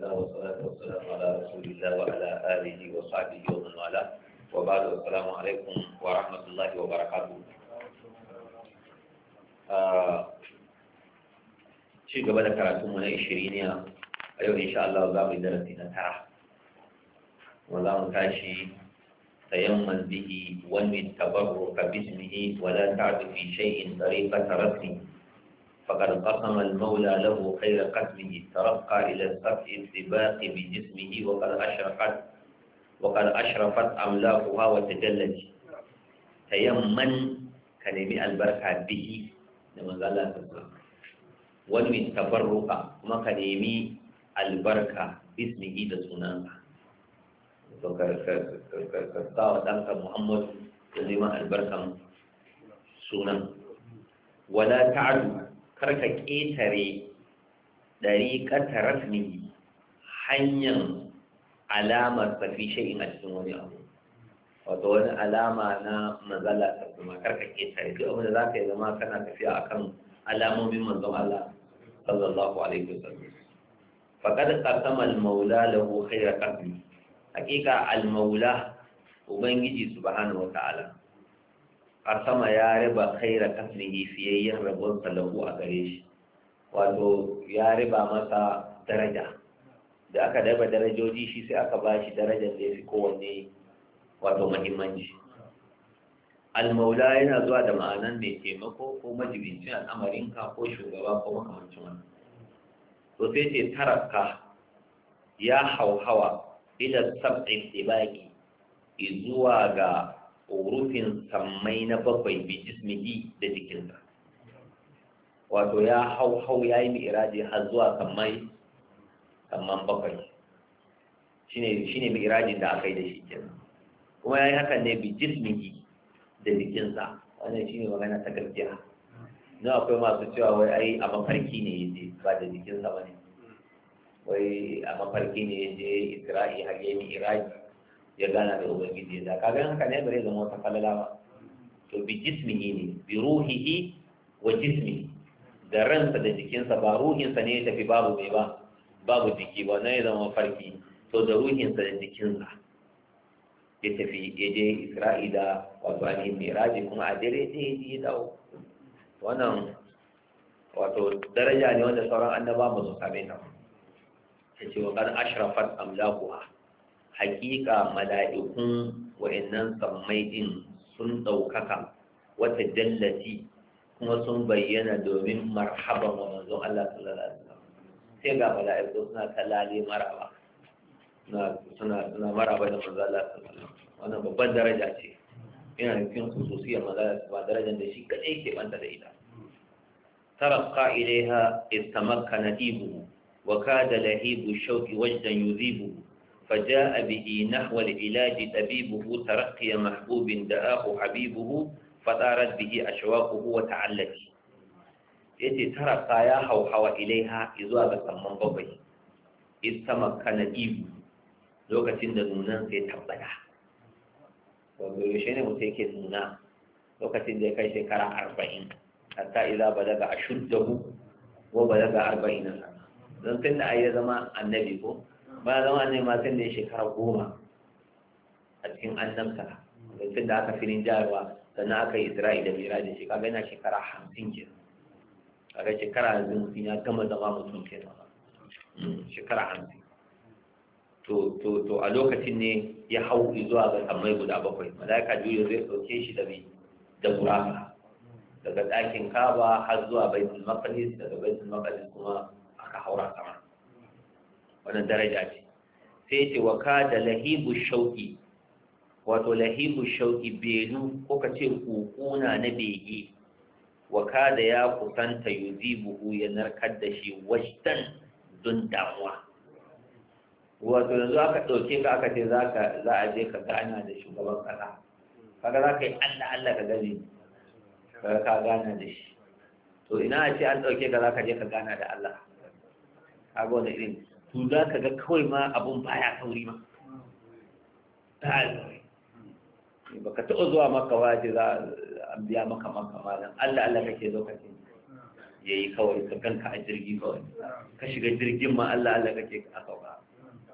الله والصلاة والسلام على رسول الله وعلى آله وصحبه ومن والاه وبعد السلام عليكم ورحمة الله وبركاته ci gaba da karatunmu na ishiriniya a yau insha Allah za mu yi darasi na tara wa za mu tashi تيمم به ومن تبرك باسمه ولا تعد في شيء طريقة رسمه فقد قسم المولى له خير قتله ترقى إلى السبع السباق بجسمه وقد أشرقت وقد أشرفت أملاكها وتجلت تيمن كلمة البركة به لما قال الله ونوي التبرك كما كلمة البركة باسمه لسنانه ka sa wa ɗanka Muhammad ya zama albarkan sunan wala ta'adu karka ƙetare ɗari ƙatarar ne hanyar alamar tafi shayin a cikin wani abu wato wani alama na mazala ta kuma karka ƙetare duk abin da za ka yi zama kana tafiya a kan alamomin manzon Allah sallallahu alaihi wasallam faqad qasama al-maula lahu khayra qasmi hakika al-maula ubangiji subhanahu wa ta'ala a sama ya riba kaira fiye fiyayyen rabon talabu a gare shi wato ya riba masa daraja da aka daba darajoji shi sai aka ba shi darajar da ya fi kowanne wato mahimmanci almaula yana zuwa da ma'anan mai taimako ko majibincin al'amarinka ko shugaba ko makamancin wani. to sai ce taraka ya hauhawa ila sab'in ibaki zuwa ga rufin sammai na bakwai bi jismihi da jikinsa wato ya hau hau ya yi mi'iraji har zuwa sammai samman bakwai Shi ne mi'irajin da aka yi da shi kenan kuma ya yi hakan ne bi jismihi da jikinsa wannan ne magana ta gaskiya na akwai masu cewa wai ai a mafarki ne ya je ba da jikinsa ba ne wai a mafarki ne je isra'i har yayi mi'iraji ya gana da ubangiji ya kaga haka ne bare zama wata falala ba to bi jismihi ne bi ruhihi wa jismi da ransa da jikinsa ba ruhinsa ne ya tafi babu mai ba babu jiki ba na ya zama farki to da ruhinsa da jikinsa ya tafi ya je isra'ila wato ainihin raji kuma a dare ɗaya ya dawo wannan wato daraja ne wanda sauran annaba ba su same ta ta ce wa kan ashrafat amlakuha hakika mala'ikun wa'annan sammai din sun ɗaukaka wata jallati kuma sun bayyana domin marhaban wa manzon Allah sallallahu alaihi wasallam sai ga mala'iku suna kalale maraba suna suna suna maraba da manzon Allah sallallahu alaihi wasallam wannan babban daraja ce yana nufin khususiyar manzon Allah ba darajar da shi kadai ke banta da ita ترقى إليها istamakkana ibu wa kada lahibu الشوك wajdan yuzibu فجاء به نحو العلاج طبيبه ترقي محبوب دآه حبيبه فطارت به أشواقه وتعلت يتي ترقى يا هوحو إليها إذ وابت من بابي إذ تمكن إيب لوكة نونان في تبدا وبيوشين متيك نونا لوكة كي شكرا أربعين حتى إذا بلغ أشده وبلغ أربعين سنة لن تنعي زمان النبي هو ba zama ne ma sai da shekara goma a cikin annabta lokacin da aka filin jayarwa sannan aka yi isra'i da mira da shekara yana shekara hamsin ke ga shekara hamsin sun ya gama zama mutum ke hmm, shekara hamsin to a lokacin ne ya hau zuwa ga samai guda bakwai malaika juyo zai sauke shi da mai da gurafa daga ɗakin kaba har zuwa baitul maqdis daga baitul maqdis kuma aka haura sama wannan daraja ce sai ce wa da lahibu shauki wato lahibu shauki belu ko ka ce kukuna na bege wa da ya kusanta yuzibuhu ya narkar da shi wajen don damuwa wato yanzu aka ɗauke ka aka ce za a je ka gana da shugaban kasa kaga za ka yi allah allah ka gani kaga ka gana da shi to ina a ce an ɗauke ka za ka je ka gana da allah kaga wani irin to za ka ga kawai ma abun baya sauri ma ba ka taɓa zuwa maka waje za a biya maka maka malam allah allah kake zo kake ya yi kawai ka ganka a jirgi kawai ka shiga jirgin ma allah allah kake a sauka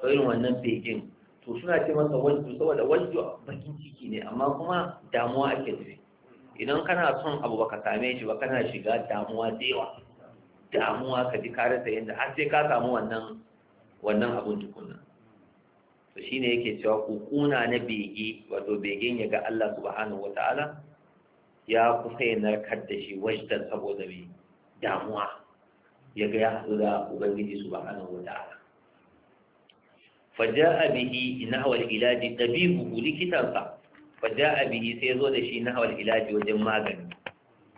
ba. irin wannan begin to suna ce masa wajju saboda wajju bakin ciki ne amma kuma damuwa ake jiri idan kana son abu baka same shi ba kana shiga damuwa da yawa damuwa ka ji kare yadda har sai ka samu wannan wannan abun tukunna to shine yake cewa kukuna na bege wato begen ya ga Allah subhanahu wataala ya kusa ya narkar da shi wajdan saboda mai damuwa ya ga ya haɗu da ubangiji subhanahu wataala faja'a bihi ina al-ilaji tabibu likitansa faja'a bihi sai zo da shi nahwa al-ilaji wajen magani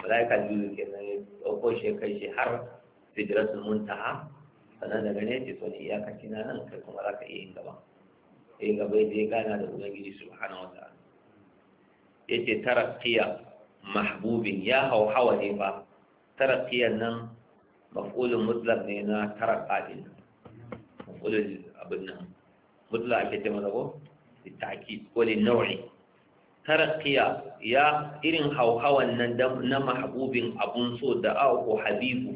malaika biyu kenan ya dauko shi shi har sidratul muntaha sannan daga ne ce to iya iyakaci na nan kai kuma za ka iya yin gaba yin gaba ya gana da ubangiji subhanahu wa Ya ce tarakkiya mahbubin ya hauhawa ne ba tarakkiyan nan maf'ulun mutlar ne na taraka din maf'ulun abin nan mutlar ake ce masa ko ta'kid ko li nau'i tarakkiya ya irin hauhawan nan na mahabubin abun so da au habibu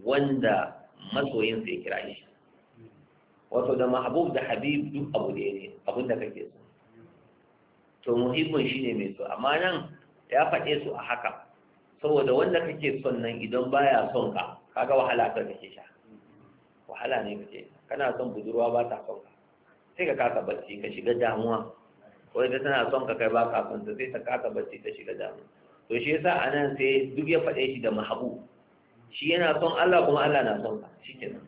wanda masoyin sai kira shi wato da mahabub da habib duk abu da ne abin da kake so to muhibbin shine mai so amma nan ya faɗe su a haka saboda wanda kake son nan idan baya son ka kaga wahala ka kake sha wahala ne kake kana son budurwa ba ta son ka sai ka kasa bacci ka shiga damuwa ko ita tana son ka kai ba ka son ta sai ta kasa bacci ta shiga damuwa to shi yasa anan sai duk ya faɗe shi da mahabub shi yana son Allah kuma Allah na son ka nan.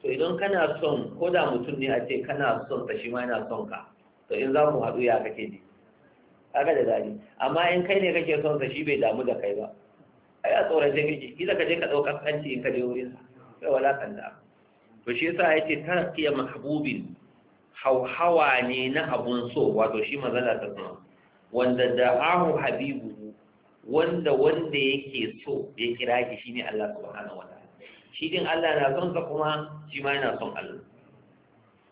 to idan kana son ko da mutum ne a ce kana son ka shi ma yana son ka to in za ku haɗu ya kake ne kaga da dadi amma in kai ne kake son sa shi bai damu da kai ba ai a tsorace kake kila ka je ka ɗaukar kanci in ka je wurin sa kai wala da to shi yasa yace tarqiya mahbubin hauhawa ne na abun so wato shi manzala ta kuma wanda da'ahu habibu wanda wanda yake so ya kira shi shine Allah subhanahu wa ta'ala shi din Allah na son sa kuma shi ma yana son Allah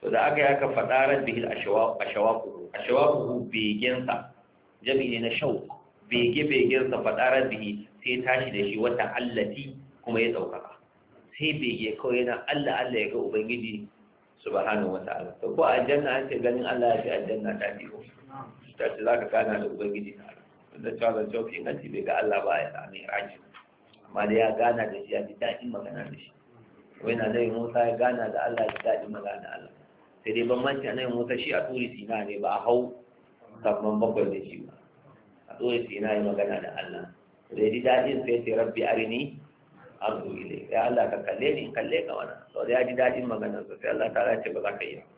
to da aka yi aka faɗa rabbihil ashwaquhu ashwaquhu sa, Jami ne na shau bege begensa faɗa bihi sai tashi da shi wata allati kuma ya ɗaukaka sai bege kawai na Allah Allah ya ga ubangiji subhanahu wa ta'ala to ko aljanna an ce ganin Allah ya fi aljanna ta biyo ta ce zaka kana da ubangiji ta'ala da cewa cewa wafi inganci bai ga Allah ba ya sami raji amma da ya gana da shi ya ji daɗin magana da shi wai na zai musa ya gana da Allah ya ji daɗin magana da Allah sai dai ban manta nan musa shi a turi sina ne ba a hau sabon bakwai da shi ba a turi sina ya magana da Allah sai ji daɗin sai sai rabbi arini arzu ilai ya Allah ka kalle ni in kalle ka wannan sau da ya ji daɗin magana sai Allah ta ce ba za ka yi ba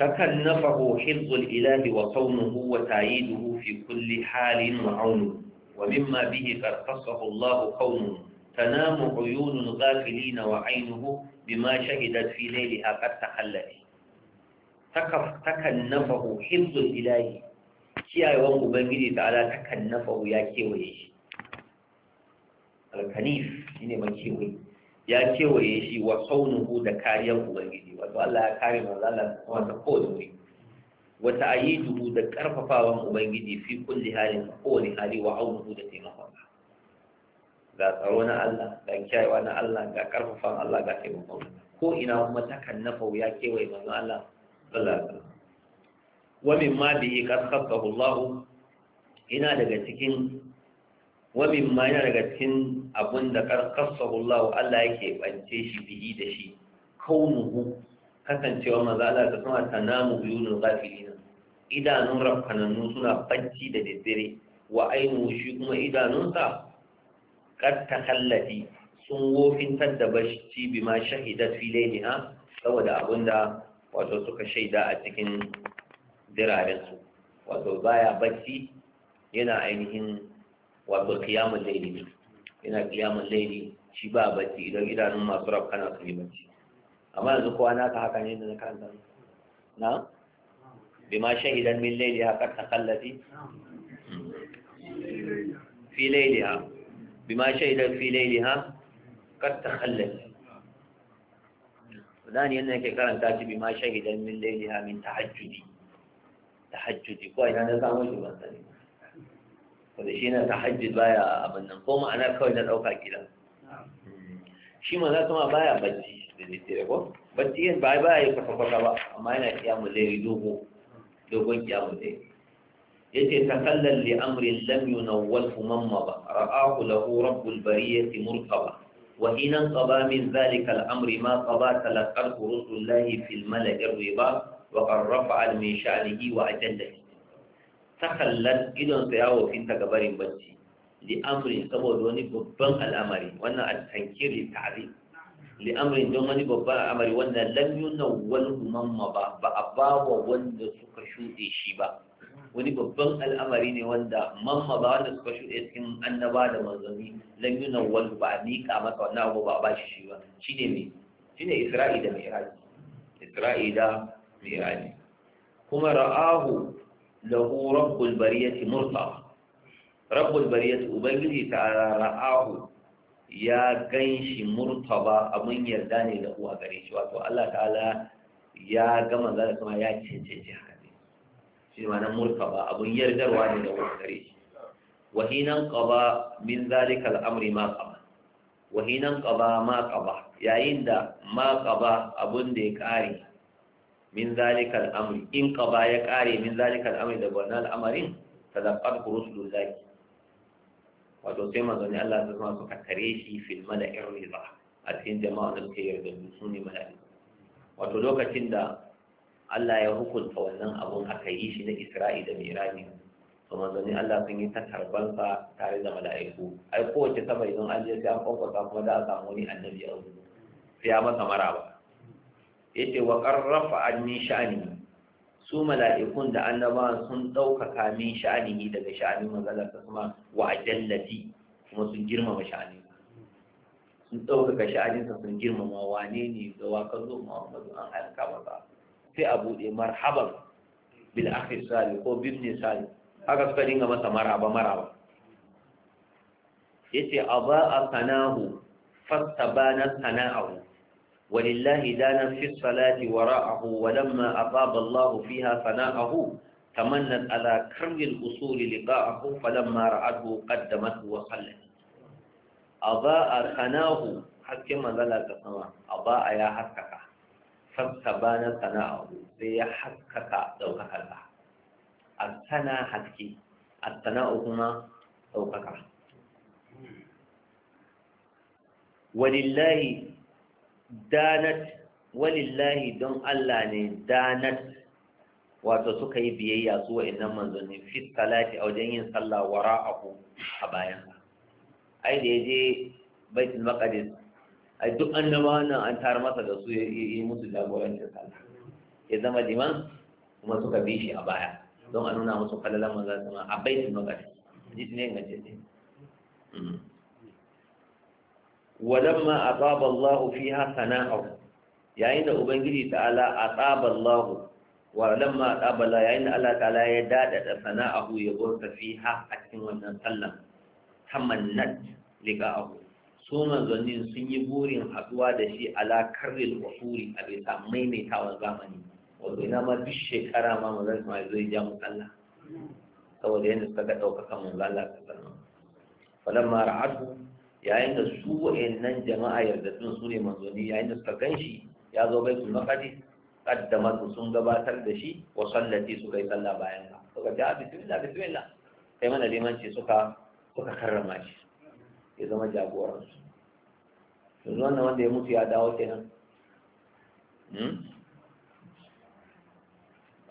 تكنفه حفظ الإله وصونه وتعييده في كل حال وعونه ومما به قد قصه الله قومه تنام عيون الغافلين وعينه بما شهدت في ليلها قد تحلت تكنفه حفظ الإله kiyayewan ubangiji ta'ala ta kannafa ya kewaye shi alkanif shi ne mai kewaye ya kewaye shi wa kaunuhu da kariyar ubangiji wato Allah ya kare manzo Allah kuma ta kowace wuri wa ta'yiduhu da karfafawan ubangiji fi kulli halin kowane hali wa aunuhu da taimakon ga tsaro na Allah ga kiyayewa na Allah ga karfafawan Allah ga taimakon ko ina kuma takan nafau ya kewaye manzo Allah sallallahu alaihi wasallam wa mimma bihi qad khassahu Allah ina daga cikin wabin ma yana daga cikin abin da karkasahu Allah Allah yake bance shi bihi da shi kaunuhu kasancewa maza Allah ta sama ta namu biyunul ghafilin idanun rafkanannu suna bacci da daddare wa ainihu shi kuma idanunsa kad takallati sun wofintar da bacci bima shahidat fi layliha saboda da wato suka shaida a cikin dirarensu wato baya bacci yana ainihin wato kiyamun laili ne yana kiyamun laili shi ba bacci idan idanun masu rab kana su yi bacci amma yanzu kowa naka haka ne da na karanta na bima idan min laili haka takallafi fi laili ha bima idan fi laili ha kar takallafi wadani yadda yake karanta shi bima shahidan min laili ha min tahajjudi tahajjudi ko ina na samun shi ban sani wanda shi na tahajjud baya abin nan ko ma'ana kawai na ɗauka gida shi ma za su ma baya bacci da daidai ko bacci yin baya baya yi kwata-kwata ba amma yana kiyamu lairi dogo dogon kiyamu lairi yace takallal li amrin lam yunawwalhu man maba ra'ahu lahu rabbul bariyati murtaba wa hinan qaba min dhalika al-amri ma qaba talaqatu rusulullahi fil mala'i riba wa qarrafa min sha'nihi wa ajalla takallan idonsa ya wofinta ga barin bacci li amrin saboda wani babban al'amari wannan at-tankiri ta'zim li amrin don wani babban al'amari wanda lam yunawwal mamma ba ba a ba wa wanda suka shuɗe shi ba wani babban al'amari ne wanda mamma ba wanda suka shuɗe cikin annaba da manzanni lam yunawwal ba a miƙa masa wannan abu ba a bashi shi ba shine ne shine isra'i da mi'raj isra'i da mi'raj kuma ra'ahu lahu rabbul bariyati murta rabbul bariyati ubangiji ta ra'ahu ya ganshi murtaba abun yarda ne da uwa gare shi wato Allah ta'ala ya gama zai kuma ya cancanci haka ne shi ma nan murtaba abun yardarwa ne da uwa gare shi wahinan qaba min zalikal amri ma qaba wahinan qaba ma qaba yayin da ma qaba abun da ya kare min zalikal amri in ba ya kare min zalikal amri da wannan al'amarin talaqqat lullaki. wato sai manzon Allah ya zama suka kare shi fil mala'ir ridha a cikin jama'a da suke yarda da su ne mala'iku wato lokacin da Allah ya hukunta wannan abun aka yi shi na Isra'i da mirani to manzanni Allah sun yi ta karbansa tare da mala'iku ai kowace sama idan an je sai an kwakwasa kuma za a samu wani annabi a wuri sai ya masa maraba yace wa qarrafa anni sha'ani su mala'ikun da annaba sun ɗaukaka min sha'ani daga sha'anin manzala ta kuma wa ajallati kuma sun girmama sha'ani sun ɗaukaka sha'aninsa sun girmama wane ne ga waka zo muhammadu an ba ba sai a buɗe marhaban bil akhi sali ko bibni sali haka suka dinga masa maraba maraba yace aba a sanahu fastabana sana'ahu ولله دانا في الصلاة وراءه ولما أطاب الله فيها فناءه تمنت على كرم الأصول لقاءه فلما رأته قدمته وخلت أضاء خناه حتى ما ذلك السماء أضاء يا حكك فاستبان ثناءه زي حكك دوكك الله الثنا حكي الثناء هما دوكك ولله danat walillahi don Allah ne danat wato suka yi biyayya su wa'annan manzanni fi salati a wajen yin sallah wara'ahu a bayan ai da yaje baitul maqdis ai duk nama nan an tar masa da su yi musu jagorancin sallah ya zama liman kuma suka bi shi a baya don a nuna musu falalan manzanni a baitul maqdis hadisi ne ga ce walamma ataba Allahu fiha sana'ahu yayin da ubangiji ta'ala ataba Allahu walamma ataba la yayin da Allah ta'ala ya da sana'ahu ya burta fiha a cikin wannan sallan tamannat liqa'ahu su manzannin sun yi burin haduwa da shi ala karril wasuri a bisa maimaitawa zamani wato ina ma duk shekara ma zai Ismail zai ja mu saboda yadda suka ga ɗaukaka mu lalata ta sanar falamma ra'atu yayin da su nan jama'a yardaddun su ne manzoni yayin da suka gan shi ya zo bai sun makadi su sun gabatar da shi wa sallati suka yi sallah bayan ka suka ce ah, bismillah da sai mana limanci suka suka karrama shi ya zama jagoransu yanzu wannan wanda ya mutu ya dawo kenan hmm?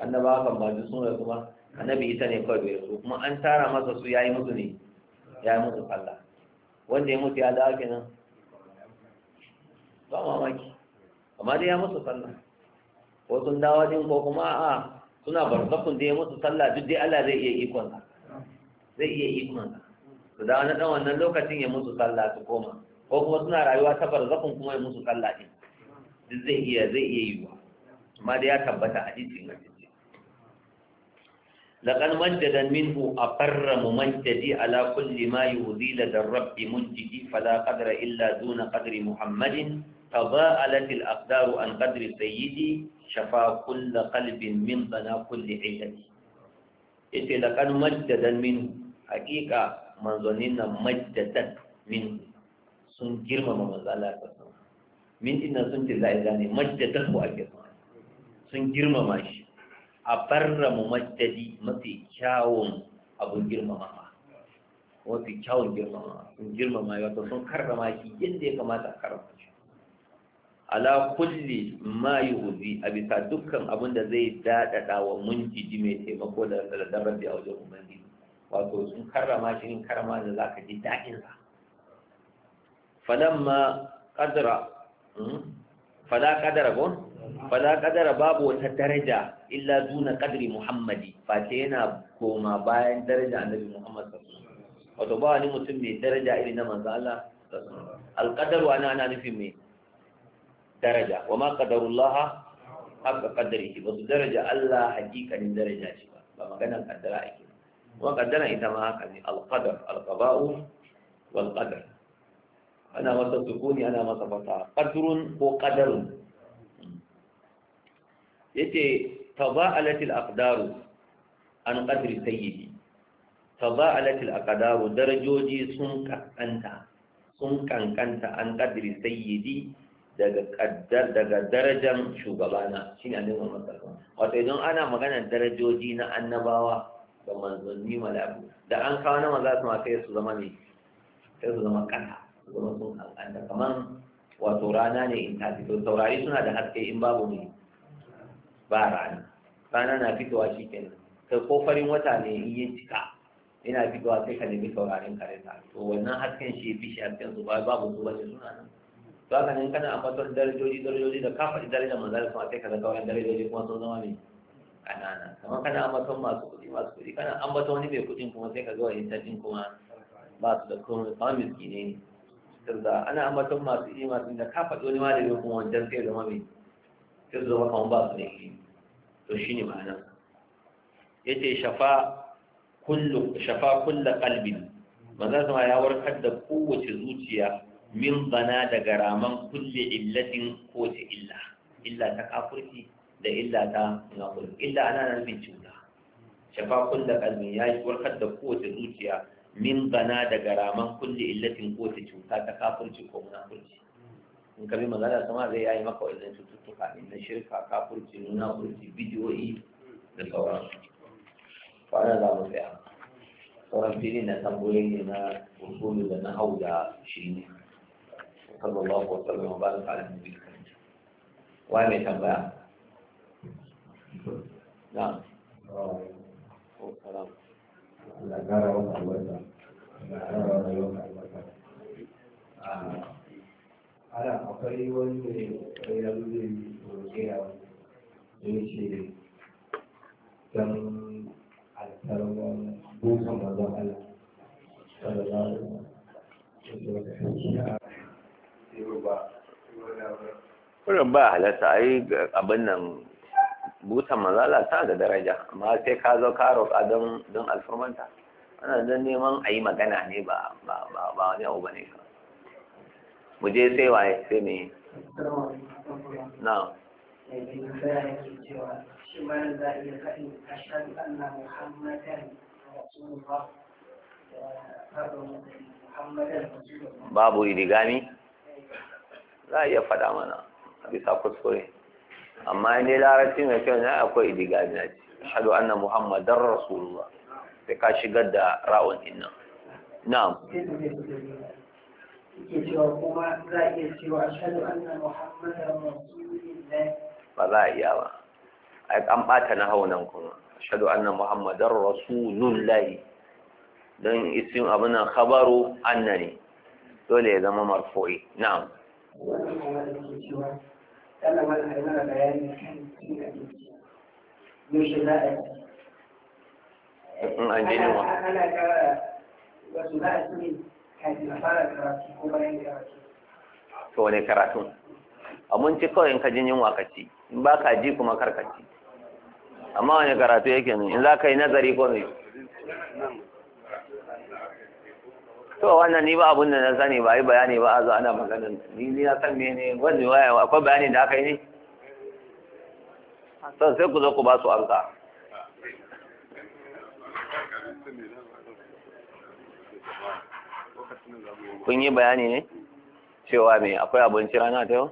annaba kan ba su sun kuma annabi ita ne kawai bai kuma an tara masa su yayi mutu ne yayi mutu sallah wanda ya mutu ya dawo kenan ba mamaki amma dai ya musu sallah ko sun dawo din ko kuma a suna barzakun da ya musu sallah duk dai Allah zai iya ikon sa zai iya ikon sa su dawo na dan wannan lokacin ya musu sallah su koma ko kuma suna rayuwa ta barzakun kuma ya musu sallah din duk zai iya zai iya yiwa amma dai ya tabbata a hadisi ne لقد مجد منه أبر ممجدي على كل ما يهدي لدى الرب منجدي فلا قدر إلا دون قدر محمد تضاءلت الأقدار عن قدر سيدي شفا كل قلب من بنا كل عيدتي إذا لقد مجد منه حقيقة منظنين مجدت منه sun girmama manzo Allah ta sama min inna sun ce za'iza ne majjatahu ake sun girmama shi a barra mu majjadi mafi kyawun girmama girmamawa mafi kyawun girmamawa sun girmama ya wata sun karrama shi yadda ya kamata a karrama shi ala kulli ma hudu a bisa dukkan abin da zai daɗaɗa wa jiji mai taimako da da rabbi a wajen ubangiji wato sun karrama shi in karrama da ka ji daɗin sa ma ƙadara hmm? fada ƙadara gon fala kadara babu wata daraja illa duna kadri muhammadi face yana koma bayan daraja annabi muhammad wato ba wani mutum mai daraja irin na manzo Allah alqadaru ana ana nufin mai daraja wa ma qadarullah haqqa qadrihi wato daraja Allah hakikanin daraja shi ba ba maganar kaddara ake wa kaddara ita ma haka ne alqadar alqaba'u wal qadar ana masa sukuni ana masa fata qadrun ko qadarun yace taba'alat al-aqdaru an qadri sayyidi taba'alat al-aqdaru darajoji sun kankanta sun kankanta an qadri sayyidi daga kaddar daga darajan shugabana shine annabi Muhammad wato idan ana magana darajoji na annabawa da manzanni mala'iku da an kawo na manzo su ma kai su zama ne sai su zama kanta su zama sun kankanta kamar wato rana ne in ta fito saurari suna da haske in babu ne ba rana rana na fitowa shi kenan kai ko farin wata ne in yi cika yana fitowa sai ka nemi saurarin ta. to wannan hasken shi fi shi hasken su ba babu su bace suna nan to haka ne kana ambaton darajoji darajoji da kafa darajar manzara kuma sai ka ga kawai darajoji kuma sun zama ne kanana kuma kana ambaton masu kuɗi masu kuɗi kana ambaton wani mai kuɗin kuma sai ka ga yi tajin kuma ba su da kuma ba miski ne da ana ambaton masu kuɗi masu da kafa wani malami kuma wancan sai zama mai sai su zama kan ba su da ilimi to shi ne ma'ana ya ce shafa kulla kalbin maza sama ya warkar da kowace zuciya min bana daga raman kulle illatin ko ta illa illa ta kafurci da illa ta munafurci illa ana nan min cuta shafa kulla kalbin ya yi warkar da kowace zuciya min bana daga raman kulle illatin ko ta cuta ta kafurci ko munafurci in ka bi magana sama zai yayi maka wannan cututtuka ne na shirka kafurci nuna furci bidiyoyi da sauransu kwanan za mu tsaya sauran fili na tambayoyi ne na usulu da na hau da shi ne sallallahu alaihi ba wa baraka ala nabiyyi wa mai tambaya na wa salam Allah gara wata wata Allah gara wata wata ana akwai wanda ya a roƙiya ya ce don alfarwar bukan mazan Allah sallallahu alaihi wa sallam kurin ba halatta a yi abin nan buta mazala ta da daraja amma sai ka zo ka roƙa don alfarmanta ana don neman a yi magana ne ba wani abu ba ne kan mu je sai waye sai me na babu idigami za a iya faɗa mana bisa kuskure amma ne larabci mai kyau na akwai idigami na ce shaɗu anna muhammadar rasulullah sai ka shigar da ra'un ina. na'am suke za a iya ba za a iya ba an bata na nan kuma ashadu anna muhammadan rasulullah don isin abin nan khabaru anna ne dole ya zama marfu'i na'am kuma in an wa to wani karatun abinci kawai in ka jin yunwa ka ci in ba ka ji kuma kar ka ci amma wani karatu yake ne in za ka yi nazari ko ne to wannan ni ba abun da na sani ba yi bayani ba a zo ana magana ni ni na san mene wani waya akwai bayani da aka yi ne sai ku zo ku ba su amsa kun yi bayani ne cewa me akwai abinci rana ta yau